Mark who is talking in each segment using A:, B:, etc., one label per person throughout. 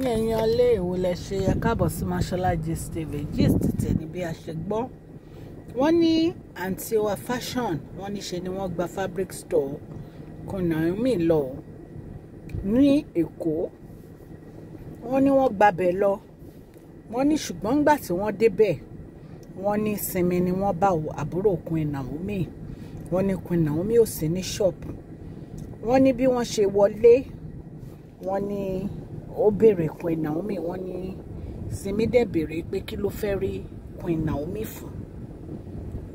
A: ní ẹ̀yin ọlé èwo lẹ ṣe ẹ káàbọ̀ sí Mashola Gist TV gist tẹ̀lé bí a ṣe gbọ́ wọ́n ní àǹtí wa fashion wọ́n ní ṣe ni wọ́n gba fabric store kan Naomi lọ ní Èkó wọ́n ní wọ́n gbabẹ̀ lọ wọ́n ní ṣùgbọ́n ńgbà tí wọ́n débẹ̀ wọ́n ní sinmi ni wọ́n bá àbúrò Queen Naomi wọ́n ní Queen Naomi ò sí ní ṣọ́ọ̀bù wọ́n ní bí wọ́n ṣe wọlé wọ́n ní. Ni ó béèrè Queen Naomi wọ́n ní Simi dẹ̀ béèrè pé kí ló fẹ́ rí Queen Naomi fún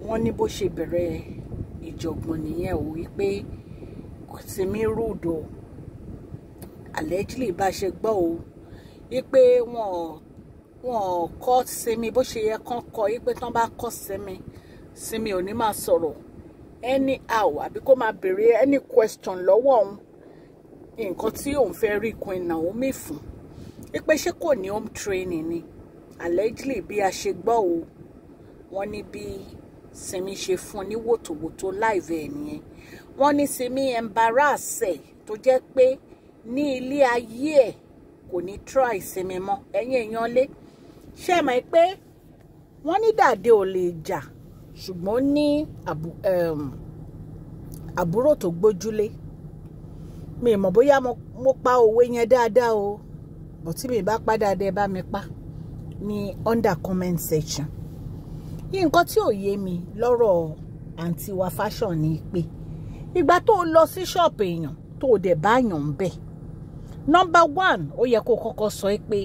A: wọ́n ní bó ṣe bẹ̀rẹ̀ ìjọ̀gbọ̀n nìyẹn ò wípé Simi rúdò allegedly bá ṣe gbọ́ o wípé wọn wọn kọ́ Simi bó ṣe yẹ kán kọ́ wípé tán bá kọ́ Simi Simi ò ní máa sọ̀rọ̀ anyhow àbí kó máa béèrè any question lọ́wọ́ òun nǹkan tí òun fẹ́ rí Queen Naomi fún wípé ṣé kò ní home training ni allegedly bí a ṣe gbọ́ o wọ́n ní bí Simi ṣe fún ní wòtòwòtò live ẹ̀ nìyẹn wọ́n ní Simi embarrass ẹ̀ tó jẹ́ pé ní ilé ayé ẹ̀ kò ní try Simi mọ́ ẹ̀yìn èèyàn lé ṣe é mọ̀ pé wọ́n ní dàdé ò lè jà ṣùgbọ́n ní àbúrò tó gbójúlé mi mọ̀ bóyá mo pa òwe yẹn dáadáa o bọ̀ tí mi bá pa dáadáa ẹ bá mi pa ní under comment section yìí nǹkan tí ò yé mi lọ́rọ̀ àǹtí wa fashion ni pé ìgbà tó o lọ sí ṣọ́ọ̀pù èèyàn tó o dẹ̀ bá ń bẹ̀ number one ó yẹ kó o kọ́kọ́ sọ pé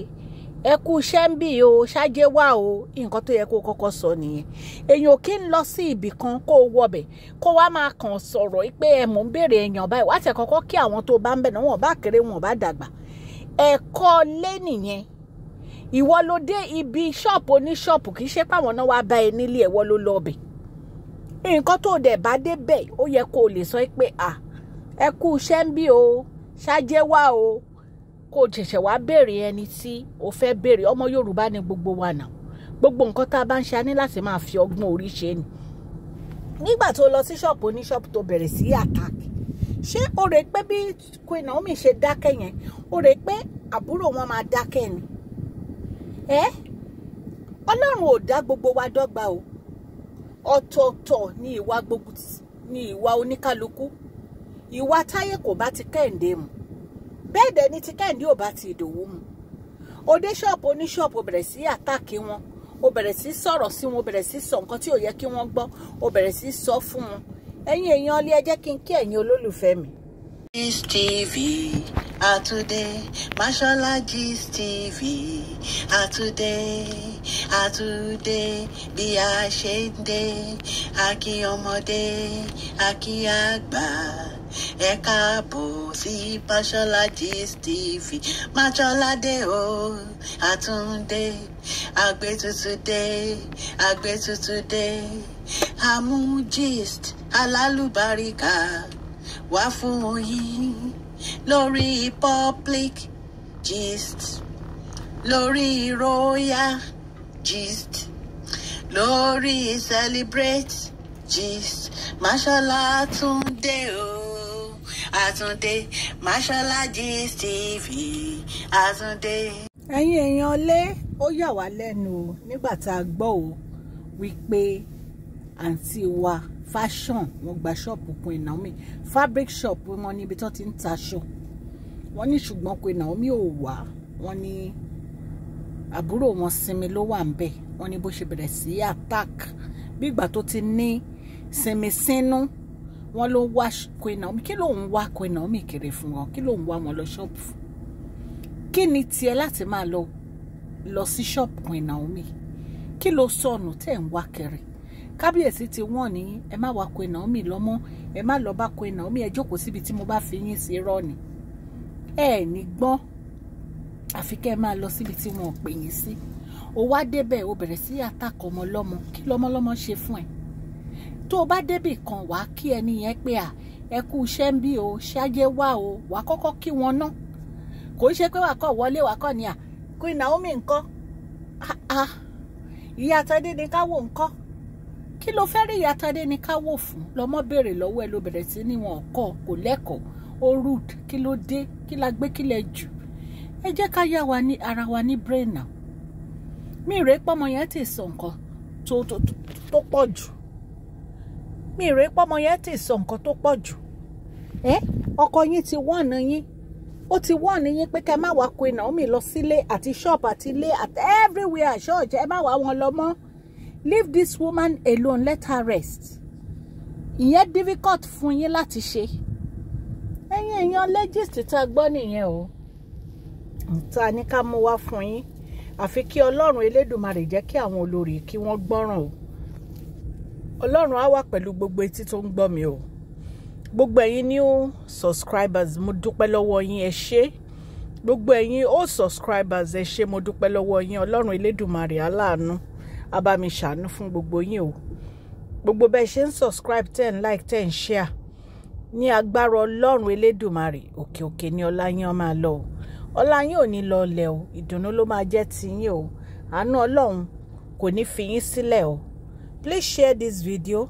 A: ẹ kú iṣẹ́ ń bì o ṣáájé wà o nǹkan tó yẹ kó kọ́kọ́ sọ nìyẹn èèyàn kì í lọ sí ibì kan kó o wọbẹ̀ kó wá máa kàn sọ̀rọ̀ pé ẹ mò ń béèrè èèyàn báyìí wá tẹ̀ kọ́kọ́ kí àwọn tó bá ń bẹ̀ náà wọ́n bá kéré wọn bá dàgbà ẹ̀kọ́ lé nìyẹn ìwọ ló dé ibi ṣọ́ọ̀pù oníṣọ́ọ̀pù kì í ṣe páwọn náà wá bá ẹ nílé ẹ̀wọ́ ló lọ bẹ̀ nǹkan tó dẹ̀ bá dé bẹ̀ ó yẹ kó o lè sọ pé à ẹ kú iṣẹ́ ń bì o ṣáájé wà o kó o ṣẹ̀ṣẹ̀ wá béèrè ẹni tí o fẹ́ béèrè ọmọ Yorùbá ni gbogbo wa náà gbogbo nǹkan tá a bá ń ṣe a ní láti máa fi ọgbọ́n orí ṣe ni nígbà tó lọ sí ṣọ́ọ̀pù oníṣọ́ọ̀pù tó bẹ̀rẹ̀ sí àtàkì ṣé o rè pé bí Queen Naomi ṣe dákẹ́ yẹn o rè pé àbúrò wọn máa dákẹ́ ni ẹ Ọlọ́run ò dá gbogbo wa dọ́gba o ọ̀tọ̀ọ̀tọ̀ ni ìwà gbogbo ni ìwà oníkálukú ìwà táyé kò bá ti kẹ́hìndé mu bẹ́ẹ̀ dẹ̀ ni ti kẹ́hìndé ò bá ti ìdòwú mu òde ṣọ́ọ̀bù oníṣọ́ọ̀bù bẹ̀rẹ̀ sí àtàkì wọn o bẹ̀rẹ̀ sí sọ̀rọ̀ sí wọn o bẹ̀rẹ̀ sí sọ nǹkan tí ò yẹ kí wọ́n gbọ́ o bẹ̀rẹ̀ sí sọ fún wọn ẹ̀yin èèyàn ọlẹ́ ẹ jẹ́ kí n kí ẹ̀yin olólùfẹ́ mi
B: àtúndé mashola gist tv àtúndé àtúndé bí a ṣe ń dé akí ọmọdé akí àgbà ẹ káàbọ̀ sí mashola gist tv mashola dé o àtúndé àgbétútúndé àgbétútúndé àmú gist alálùbáríkà wá fún yín lórí public gist lórí royal gist lórí celebrate gist Mashola Túndé o Àtúndé Mashola Gist TV Àtúndé. ẹ̀yin èèyàn lé ó yà wá lẹ́nu nígbà tá a gbọ́ ò wípé
A: àǹtí wa fashion wọ́n gba ṣọ́ọ̀pù Queen Naomi fabric shop wọn níbi tó ti ń taṣọ wọ́n ní ṣùgbọ́n Queen Naomi ò wá wọ́n ní àbúrò wọn sinmi ló wà ń bẹ̀ wọ́n ní bó ṣe bẹ̀rẹ̀ sí attack bí ìgbà tó ti ní sinmi sínú wọ́n ló wá Queen Naomi kí ló ń wá Queen Naomi kiri fún wọn kí ló ń wá wọn lọ ṣọ́ọ̀pù kí ni tiẹ̀ láti máa lọ lọ sí ṣọ́ọ̀pù Queen Naomi kí ló sọnù tẹ̀ ń wá kiri kábíyèsí ti wọ́n ní ẹ má wá Queen Naomi lọ́mọ ẹ má lọ bá Queen Naomi ẹ jókòó síbi tí mo bá fi yín sí rọ́ ni ẹ ní gbọ́ àfi kẹ́ ẹ máa lọ síbi tí wọn pè yín sí o wá débẹ̀ o bẹ̀rẹ̀ sí àtàkọ ọmọlọ́mọ kí lọ́mọlọ́mọ ṣe fún ẹ tó o bá débì kan wàá kí ẹni yẹn pé à ẹ kú iṣẹ́ ń bí o ṣáájẹ́ wá o wàá kọ́kọ́ kí wọn ná kò ń ṣe pé wàá kọ́ wọlé wàá kọ́ ni à Queen Naomi ńkọ́ ìyá àtẹ́dé ni ká wò ńkọ́ kí ló fẹ́ rí ìyàtọ̀dé ni ká wò fún lọ́mọ béèrè lọ́wọ́ ẹ ló bẹ̀rẹ̀ sí ní wọn kọ́ kò lẹ́kọ̀ọ́ ó rude kí ló dé kí la gbé kí lẹ jù ẹ jẹ́ ká yá wa ní ara wa ní brain now mi rèé pọ́mọ yẹn ti sọ nǹkan tó tó tó pọ̀ jù mi rèé pọ́mọ yẹn ti sọ nǹkan tó pọ̀ jù ẹ ọkọ yín ti wọ́ọ̀nù yín ó ti wọ́ọ̀nù yín pé kẹ́ má wá Queen Naomi lọ sílé àti ṣọ́ọ̀bù àti ilé àti everywhere church ẹ má wá wọn lọ mọ́ leave this woman alone let her rest ìyẹn difficult fún yín láti ṣe ẹ̀yin èèyàn legist tá a gbọ́ nìyẹn o tá a ní ká mú wá fún yín àfi kí ọlọ́run elédùnmarè jẹ́ kí àwọn olórí kí wọ́n gbọ́ràn o ọlọ́run á wà pẹ̀lú gbogbo etí tó ń gbọ́ mi o gbogbo ẹ̀yin new subscribers mo dúpẹ́ lọ́wọ́ yín ẹ ṣé gbogbo ẹ̀yin old subscribers ẹ ṣé mo dúpẹ́ lọ́wọ́ yín ọlọ́run elédùnmarè aláàánú á bá mi ṣàánú fún gbogbo yín o gbogbo bẹ́ẹ̀ ṣe ń subscribe ten like ten share ní agbára ọlọ́run elédùmarè òkè òkè ni ọlá yín máa lọ o ọlá yín ò ní lọ ọlẹ̀ o ìdùnnú ló máa jẹ́ tiyín o àánú ọlọ́run kò ní fi yín sílẹ̀ o please share this video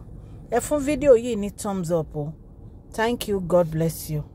A: ẹ fún fídíò yìí ní thumbs up o thank you god bless you.